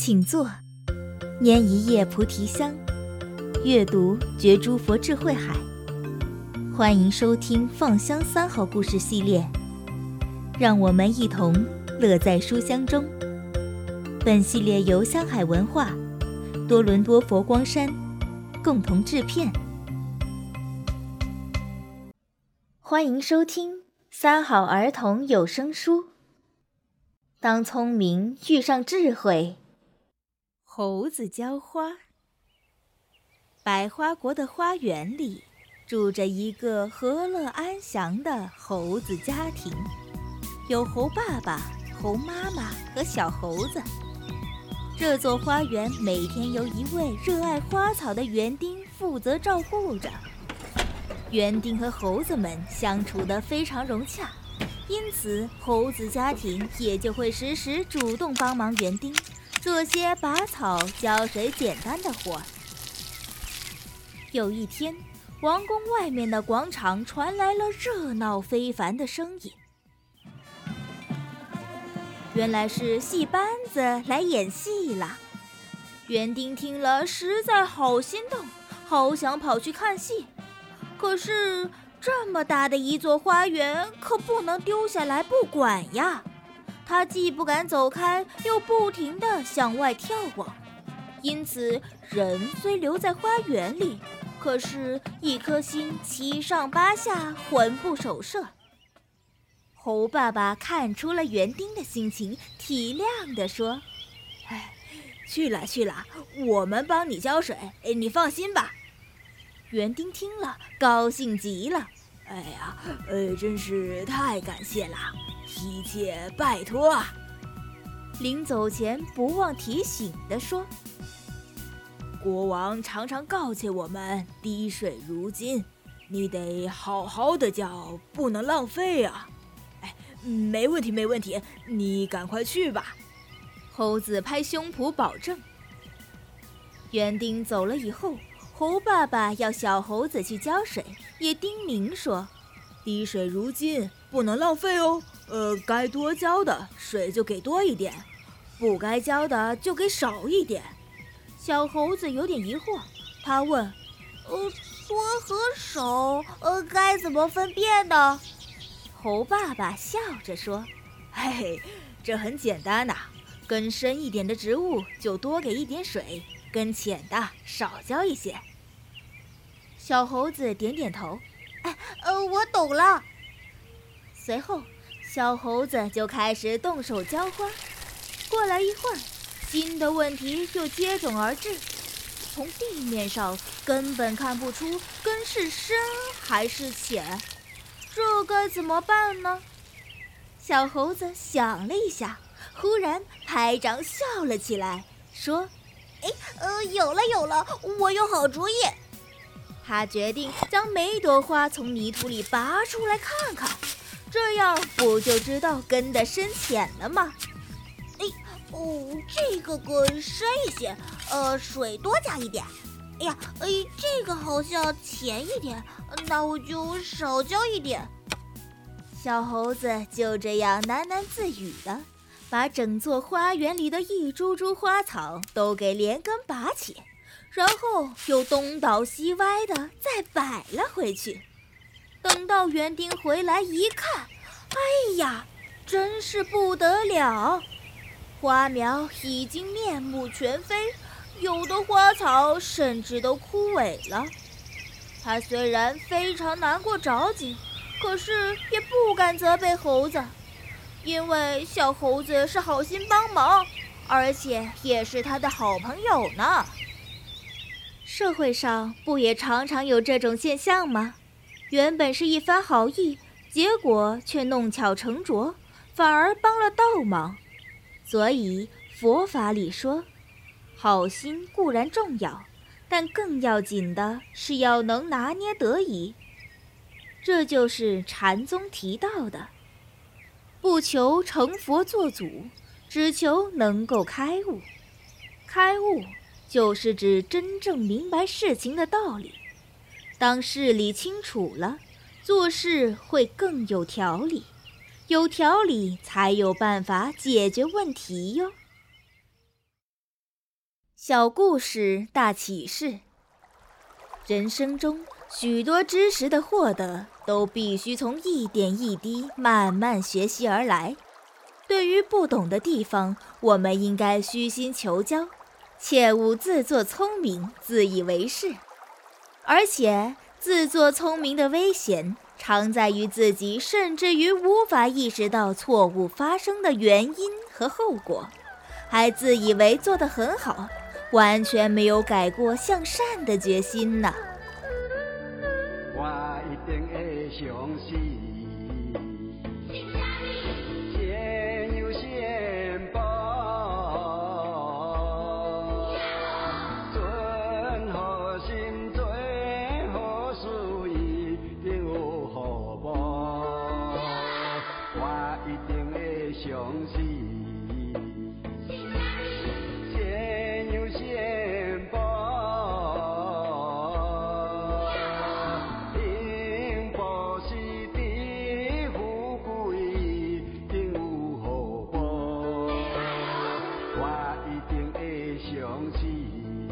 請坐。拈一葉菩提香，閱讀覺諸佛智慧海。歡迎收聽《Fun 香三好故事》系列，讓我們一同樂在書香中。本系列由香海文化、多倫多佛光山共同製片。歡迎收聽《三好兒童有聲書》，當聰明遇上智慧。猴子澆花。百花國的花園裡，住着一個和樂安詳的猴子家庭，有猴爸爸、猴媽媽和小猴子。這座花園每天由一位熱愛花草的園丁負責照顧着。園丁和猴子們相處得非常融洽，因此猴子家庭也就會時時主動幫忙園丁。這些拔草、澆水簡單的活。有一天，王宮外面的廣場傳來了熱鬧非凡的聲音，原來是戲班子來演戲了。園丁聽了實在好心動，好想跑去看戲，可是這麼大的一座花園可不能丟下來不管呀。他既不敢走開，又不停地向外眺望，因此人雖留在花園裡，可是，一顆心七上八下，魂不守舍。猴爸爸看出了園丁的心情，體諒地說：“哎，去啦去啦，我們幫你澆水，你放心吧。”園丁聽了，高興極了。哎呀，呃，真是太感謝了，一切拜託啊。臨走前不忘提醒的說：“國王常常告誡我們，滴水如金，你得好好的澆，不能浪費啊。”哎，沒問題，沒問題，你趕快去吧。猴子拍胸脯保證。園丁走了以後，猴爸爸要小猴子去澆水，也叮嚀說：“滴水如金，不能浪費哦。呃，該多澆的水就給多一點，不該澆的就給少一點。”小猴子有點疑惑，他問：“呃，多和少，呃，該怎麼分辨呢？”猴爸爸笑着說：“嘿嘿，這很簡單吶，啊，根深一點的植物就多給一點水，根淺的少澆一些。”小猴子點點頭，哎，呃，我懂了。隨後，小猴子就開始動手澆花。過來一會兒，新的問題就接踵而至。從地面上根本看不出根是深還是淺，這該怎麼辦呢？小猴子想了一下，忽然拍掌笑了起來，說：“哎，呃，有了，有了，我有好主意。”他決定將每朵花從泥土裡拔出來看看，這樣不就知道根的深淺了嗎？哎，哦，這個更深一些，呃，水多加一點。哎呀，哎，這個好像淺一點，那我就少澆一點。小猴子就這樣喃喃自語的，把整座花園裡的一株株花草都給連根拔起。然後又東倒西歪地再擺了回去，等到園丁回來一看，哎呀，真是不得了，花苗已經面目全非，有的花草甚至都枯萎了。他雖然非常難過着急，可是也不敢責備猴子，因為小猴子是好心幫忙，而且也是他的好朋友呢。社會上不也常常有這種現象嗎？原本是一番好意，結果卻弄巧成拙，反而幫了倒忙。所以佛法裡說，好心固然重要，但更要緊的是要能拿捏得宜。這就是禪宗提到的：不求成佛作祖，只求能夠開悟。開悟。就是指真正明白事情的道理，當事理清楚了，做事會更有條理，有條理才有辦法解決問題喲。小故事大啟示。人生中許多知識的獲得，都必須從一點一滴慢慢學習而來。對於不懂的地方，我們應該虛心求教。切勿自作聰明、自以為是，而且自作聰明的危險，常在於自己甚至於無法意識到錯誤發生的原因和後果，還自以為做得很好，完全沒有改過向善的決心呢。我一定會相信一定會想起。